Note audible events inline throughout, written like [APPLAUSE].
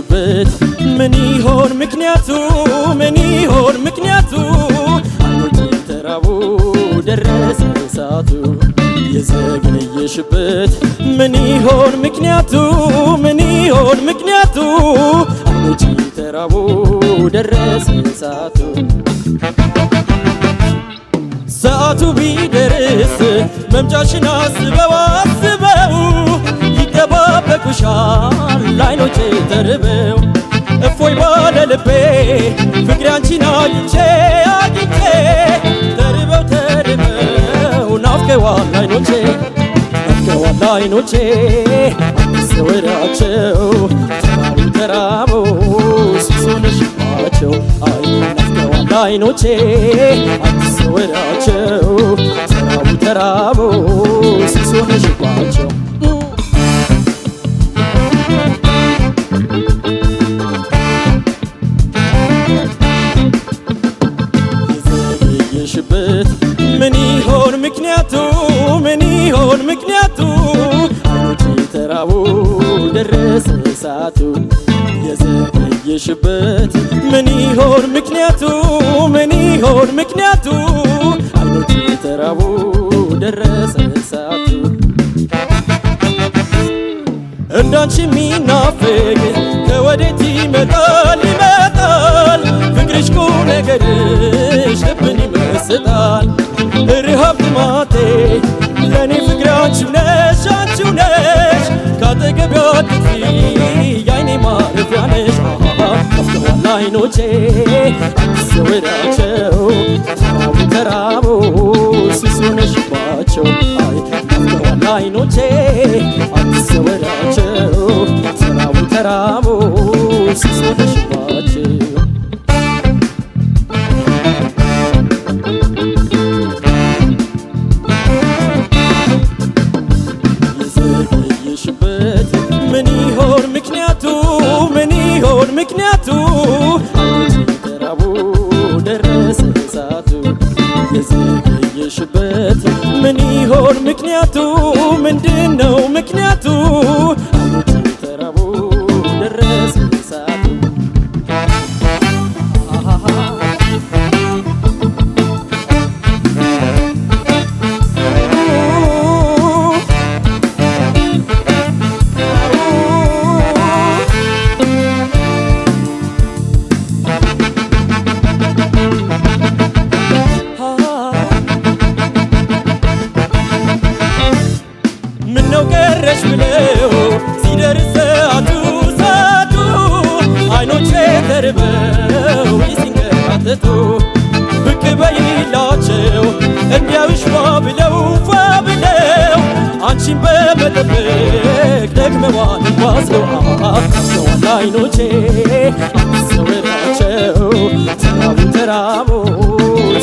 ያለችበት ምን ይሆን ምክንያቱ? ምን ይሆን ምክንያቱ? አይኖች የተራቡ ደረሰ ሰዓቱ የዘገየሽበት ምን ይሆን ምክንያቱ? ምን ይሆን ምክንያቱ? አይኖች የተራቡ ደረሰ ሰዓቱ ሰዓቱ ቢደርስ መምጫሽን አስበዋል ይናፈቁሻል ላይኖቼ ተርበው እፎይ ባለ ልቤ ፍቅሬ አንቺን አግኝቼ አግኝቼ ተርበው ተርበው ናፍቀዋል ላይኖቼ ናፍቀዋል ላይኖቼ ስወዳቸው ተራሩ ተራቦ ሲሶነሽ አይ ናፍቀዋል ላይኖቼ አዲስ ወዳቸው ተራቡ ተራቦ ይሆን ምክንያቱ? ምን ይሆን ምክንያቱ? አይኖች የተራቡ ደረሰ ሰዓቱ እንዳንቺ የሚናፍቅ ከወዴት ይመጣል ይመጣል ፍቅርሽ ቁ ነገርሽ ልብን ይመስጣል ርሃብ ድማቴ ለእኔ ፍቅሬ ነሽ አንቺው ነሽ ካጠገቢያ ጥፊ የአይኔ ማረፊያ ነሽ አይኖቼ ስወዳቸው ተራቡ ተራቡ ሲሶነሽባቸው አይ ናፍቀዋል አይኖቼ አትሰወዳቸው ተራቡ ተራቡ ሲሶነሽባቸው የዘገየሽበት ምን ይሆን ምክንያቱ? ነው ምክንያቱ? ሲመጡ ብቅ በይላቸው እንዲያዩሽ ፏ ብለው አንቺን በመጠበቅ ደግመዋል ዋዝለዋል ሰዋል አይኖቼ ሰውናቸው ተራቡ ተራቦ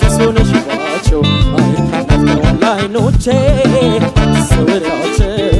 ሱስ ሆነሽባቸው አይናፍቀዋል አይኖቼ ሰውናቸው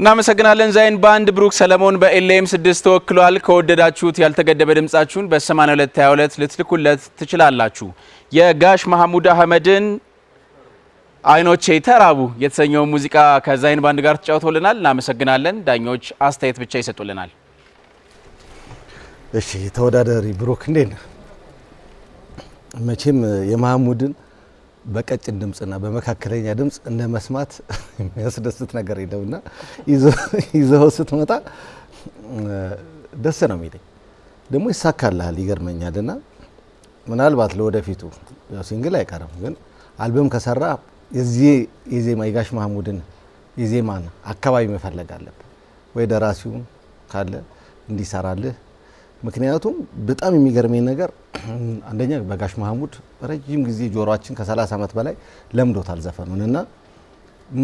እናመሰግናለን። ዛይን ባንድ ብሩክ ሰለሞን በኤልኤም ስድስት ተወክሏል። ከወደዳችሁት ያልተገደበ ድምጻችሁን በ8222 ልትልኩለት ትችላላችሁ። የጋሽ መሐሙድ አህመድን አይኖቼ ተራቡ የተሰኘው ሙዚቃ ከዛይን ባንድ ጋር ተጫውቶልናል። እናመሰግናለን። ዳኞች አስተያየት ብቻ ይሰጡልናል። እሺ ተወዳዳሪ ብሩክ እንዴ፣ መቼም የመሐሙድን በቀጭን ድምፅና በመካከለኛ ድምፅ እንደ መስማት [LAUGHS] የሚያስደስት ነገር የለውና [LAUGHS] ይዘው ስትመጣ ደስ ነው የሚለኝ። ደግሞ ይሳካልሃል ይገርመኛል። ና ምናልባት ለወደፊቱ ሲንግል አይቀርም፣ ግን አልበም ከሰራ የዚህ የዜማ የጋሽ ማህሙድን የዜማን አካባቢ መፈለግ አለብን ወይ ደራሲውን ካለ እንዲሰራልህ ምክንያቱም በጣም የሚገርመኝ ነገር አንደኛ በጋሽ መሀሙድ ረጅም ጊዜ ጆሮችን ከ30 ዓመት በላይ ለምዶታል ዘፈኑን እና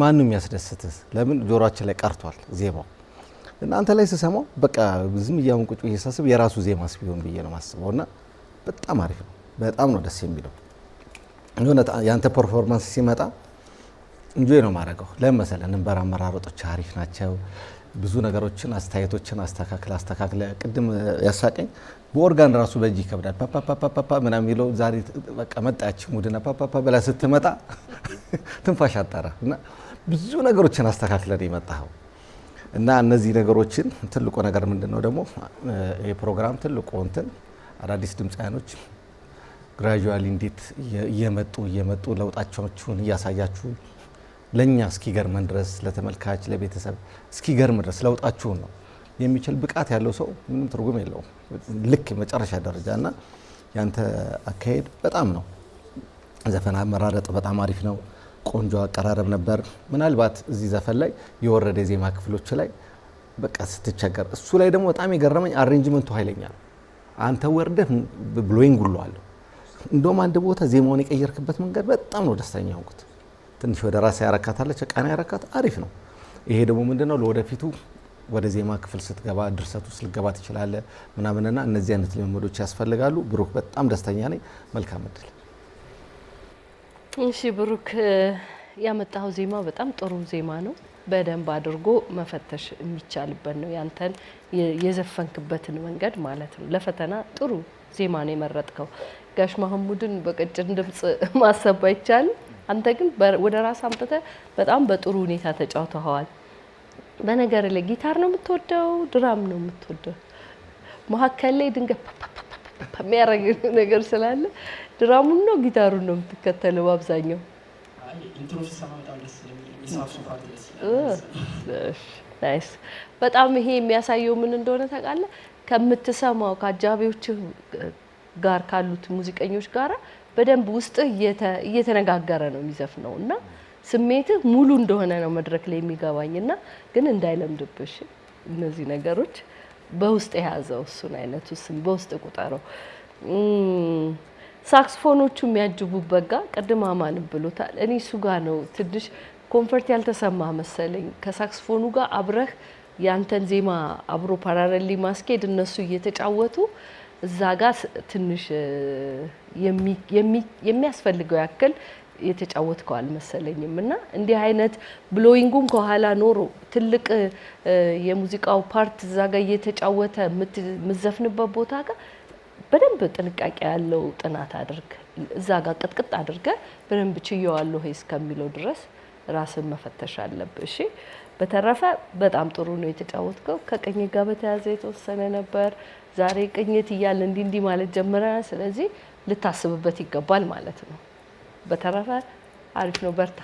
ማንም ያስደስትህ ለምን ጆሮችን ላይ ቀርቷል ዜማው አንተ ላይ ስሰማው በቃ ዝም እያሁን ቁጭ ሳስብ የራሱ ዜማስ ቢሆን ብዬ ነው ማስበው እና በጣም አሪፍ ነው። በጣም ነው ደስ የሚለው የሆነ የአንተ ፐርፎርማንስ ሲመጣ እንጆ ነው ማድረገው። ለምን መሰለህ? ንንበር አመራረጦች አሪፍ ናቸው። ብዙ ነገሮችን አስተያየቶችን አስተካክለ አስተካክለ ቅድም ያሳቀኝ በኦርጋን ራሱ በእጅ ይከብዳል። ፓፓፓፓፓ ምናምን የሚለው ዛሬ በቃ መጣች ሙድና ፓፓፓ ብላ ስትመጣ [LAUGHS] ትንፋሽ አጠረ እና ብዙ ነገሮችን አስተካክለን የመጣኸው እና እነዚህ ነገሮችን ትልቁ ነገር ምንድን ነው ደግሞ የፕሮግራም ትልቁ እንትን አዳዲስ ድምፃያኖች ግራጁዋሊ እንዴት እየመጡ እየመጡ ለውጣቸውን እያሳያችሁ ለእኛ እስኪገርመን ድረስ ለተመልካች ለቤተሰብ እስኪገርም ድረስ ለውጣችሁን ነው የሚችል ብቃት ያለው ሰው ምንም ትርጉም የለውም። ልክ መጨረሻ ደረጃ እና ያንተ አካሄድ በጣም ነው። ዘፈን አመራረጥ በጣም አሪፍ ነው። ቆንጆ አቀራረብ ነበር። ምናልባት እዚህ ዘፈን ላይ የወረደ የዜማ ክፍሎች ላይ በቃ ስትቸገር፣ እሱ ላይ ደግሞ በጣም የገረመኝ አሬንጅመንቱ ኃይለኛል። አንተ ወርደህ ብሎይንግ ውለዋለሁ። እንደውም አንድ ቦታ ዜማውን የቀየርክበት መንገድ በጣም ነው ደስተኛ ሆንኩት። ትንሽ ወደ ራስ ያረካታለች፣ ቀና ያረካት አሪፍ ነው። ይሄ ደግሞ ምንድነው ለወደፊቱ ወደ ዜማ ክፍል ስትገባ ድርሰቱ ውስጥ ልትገባ ትችላለ ምናምንና እነዚህ አይነት ልምምዶች ያስፈልጋሉ። ብሩክ በጣም ደስተኛ ነኝ። መልካም እድል። እሺ ብሩክ ያመጣው ዜማ በጣም ጥሩ ዜማ ነው። በደንብ አድርጎ መፈተሽ የሚቻልበት ነው። ያንተን የዘፈንክበትን መንገድ ማለት ነው። ለፈተና ጥሩ ዜማ ነው የመረጥከው። ጋሽ ማህሙድን በቀጭን ድምፅ ማሰብ አይቻልም። አንተ ግን ወደ ራስ አምጥተ በጣም በጥሩ ሁኔታ ተጫውተኸዋል። በነገር ላይ ጊታር ነው የምትወደው፣ ድራም ነው የምትወደው? መሀከል ላይ ድንገት የሚያደርግ ነገር ስላለ ድራሙን ነው ጊታሩን ነው የምትከተለው በአብዛኛው? በጣም ይሄ የሚያሳየው ምን እንደሆነ ታውቃለህ? ከምትሰማው ከአጃቢዎች ጋር ካሉት ሙዚቀኞች ጋራ በደንብ ውስጥህ እየተነጋገረ ነው የሚዘፍነው እና ስሜትህ ሙሉ እንደሆነ ነው መድረክ ላይ የሚገባኝ እና ግን እንዳይለምድብሽ እነዚህ ነገሮች በውስጥ የያዘው እሱን አይነቱ ስም በውስጥ ቁጠረው። ሳክስፎኖቹ የሚያጅቡበት ጋ ቅድም አማን ብሎታል። እኔ እሱ ጋር ነው ትንሽ ኮንፈርት ያልተሰማ መሰለኝ። ከሳክስፎኑ ጋር አብረህ ያንተን ዜማ አብሮ ፓራረሊ ማስኬድ እነሱ እየተጫወቱ እዛ ጋር ትንሽ የሚያስፈልገው ያክል የተጫወትከው አልመሰለኝም እና እንዲህ አይነት ብሎዊንጉም ከኋላ ኖሮ ትልቅ የሙዚቃው ፓርት እዛ ጋር እየተጫወተ የምትዘፍንበት ቦታ ጋር በደንብ ጥንቃቄ ያለው ጥናት አድርግ። እዛ ጋር ቅጥቅጥ አድርገ በደንብ ችየዋለሁ እስከሚለው ድረስ ራስን መፈተሽ አለብህ። እሺ። በተረፈ በጣም ጥሩ ነው የተጫወትከው። ከቅኝ ጋር በተያያዘ የተወሰነ ነበር ዛሬ ቅኝት እያለ እንዲህ እንዲህ ማለት ጀምረናል። ስለዚህ ልታስብበት ይገባል ማለት ነው። በተረፈ አሪፍ ነው፣ በርታ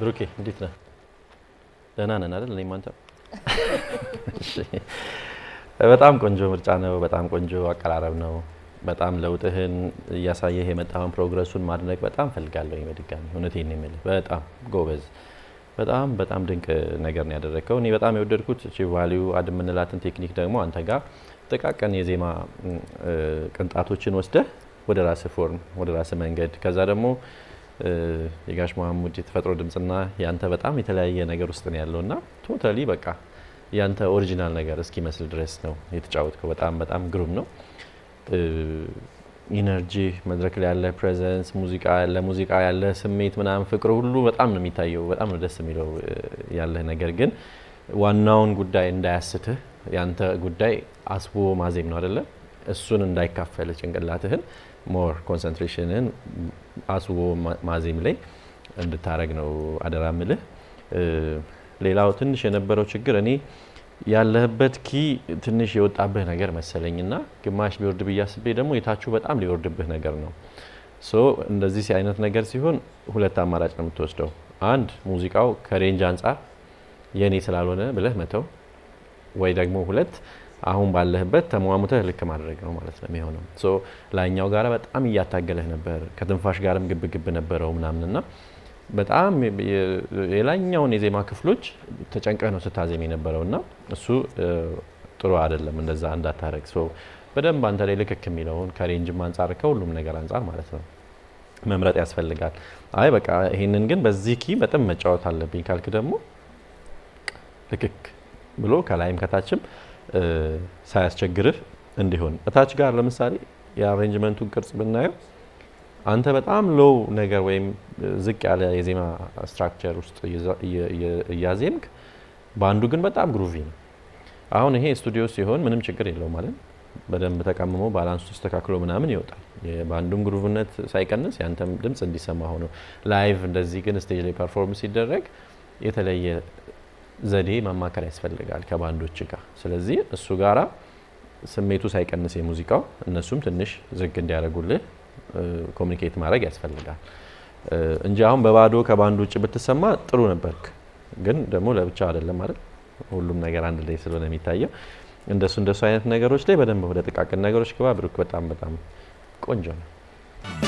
ብሩኬ። እንዴት ነህ? ደህና ነን አይደል? እኔም አንተም። በጣም ቆንጆ ምርጫ ነው። በጣም ቆንጆ አቀራረብ ነው። በጣም ለውጥህን እያሳየህ የመጣውን ፕሮግረሱን ማድነቅ በጣም ፈልጋለሁ። በድጋሚ እውነቴን ነው የምልህ። በጣም ጎበዝ በጣም በጣም ድንቅ ነገር ነው ያደረግከው። እኔ በጣም የወደድኩት እቺ ቫሊዩ አድ የምንላትን ቴክኒክ ደግሞ አንተ ጋር ጥቃቅን የዜማ ቅንጣቶችን ወስደህ ወደ ራስ ፎርም ወደ ራስ መንገድ ከዛ ደግሞ የጋሽ መሀሙድ የተፈጥሮ ድምፅና ያንተ በጣም የተለያየ ነገር ውስጥ ነው ያለው እና ቶታሊ በቃ ያንተ ኦሪጂናል ነገር እስኪመስል ድረስ ነው የተጫወትከው። በጣም በጣም ግሩም ነው። ኢነርጂ መድረክ ላይ ያለ ፕሬዘንስ፣ ሙዚቃ ያለ ሙዚቃ ያለ ስሜት ምናምን ፍቅር ሁሉ በጣም ነው የሚታየው። በጣም ነው ደስ የሚለው ያለህ ነገር ግን ዋናውን ጉዳይ እንዳያስትህ ያንተ ጉዳይ አስቦ ማዜም ነው አደለም? እሱን እንዳይካፈል ጭንቅላትህን ሞር ኮንሰንትሬሽንን አስቦ ማዜም ላይ እንድታረግ ነው አደራ ምልህ። ሌላው ትንሽ የነበረው ችግር እኔ ያለህበት ኪ ትንሽ የወጣብህ ነገር መሰለኝና ግማሽ ቢወርድ ብዬ አስቤ ደግሞ የታችሁ በጣም ሊወርድብህ ነገር ነው። ሶ እንደዚህ አይነት ነገር ሲሆን ሁለት አማራጭ ነው የምትወስደው። አንድ ሙዚቃው ከሬንጅ አንጻር የኔ ስላልሆነ ብለህ መተው፣ ወይ ደግሞ ሁለት አሁን ባለህበት ተሟሙተህ ልክ ማድረግ ነው ማለት ነው የሚሆነው። ላይኛው ጋር በጣም እያታገለህ ነበር፣ ከትንፋሽ ጋርም ግብግብ ነበረው ምናምንና በጣም የላኛውን የዜማ ክፍሎች ተጨንቀ ነው ስታዜም የነበረው እና እሱ ጥሩ አይደለም። እንደዛ እንዳታረግ ሰው በደንብ አንተ ላይ ልክክ የሚለውን ከሬንጅም አንጻር ከሁሉም ነገር አንጻር ማለት ነው መምረጥ ያስፈልጋል። አይ በቃ ይህንን ግን በዚህ ኪ በጣም መጫወት አለብኝ ካልክ ደግሞ ልክክ ብሎ ከላይም ከታችም ሳያስቸግርህ እንዲሆን እታች ጋር ለምሳሌ የአሬንጅመንቱን ቅርጽ ብናየው አንተ በጣም ሎው ነገር ወይም ዝቅ ያለ የዜማ ስትራክቸር ውስጥ እያዜምክ በአንዱ ግን በጣም ግሩቪ ነው። አሁን ይሄ ስቱዲዮ ሲሆን ምንም ችግር የለውም ማለት በደንብ ተቀምሞ ባላንሱ ተስተካክሎ ምናምን ይወጣል። በአንዱም ግሩቭነት ሳይቀንስ ያንተም ድምፅ እንዲሰማ ሆኖ ላይቭ እንደዚህ ግን ስቴጅ ላይ ፐርፎርም ሲደረግ የተለየ ዘዴ ማማከር ያስፈልጋል ከባንዶች ጋር። ስለዚህ እሱ ጋራ ስሜቱ ሳይቀንስ የሙዚቃው እነሱም ትንሽ ዝግ እንዲያደርጉልህ ኮሚኒኬት ማድረግ ያስፈልጋል እንጂ አሁን በባዶ ከባንድ ውጭ ብትሰማ ጥሩ ነበርክ፣ ግን ደግሞ ለብቻ አይደለም አይደል? ሁሉም ነገር አንድ ላይ ስለሆነ የሚታየው እንደሱ እንደሱ አይነት ነገሮች ላይ በደንብ ወደ ጥቃቅን ነገሮች ግባ። ብሩክ በጣም በጣም ቆንጆ ነው።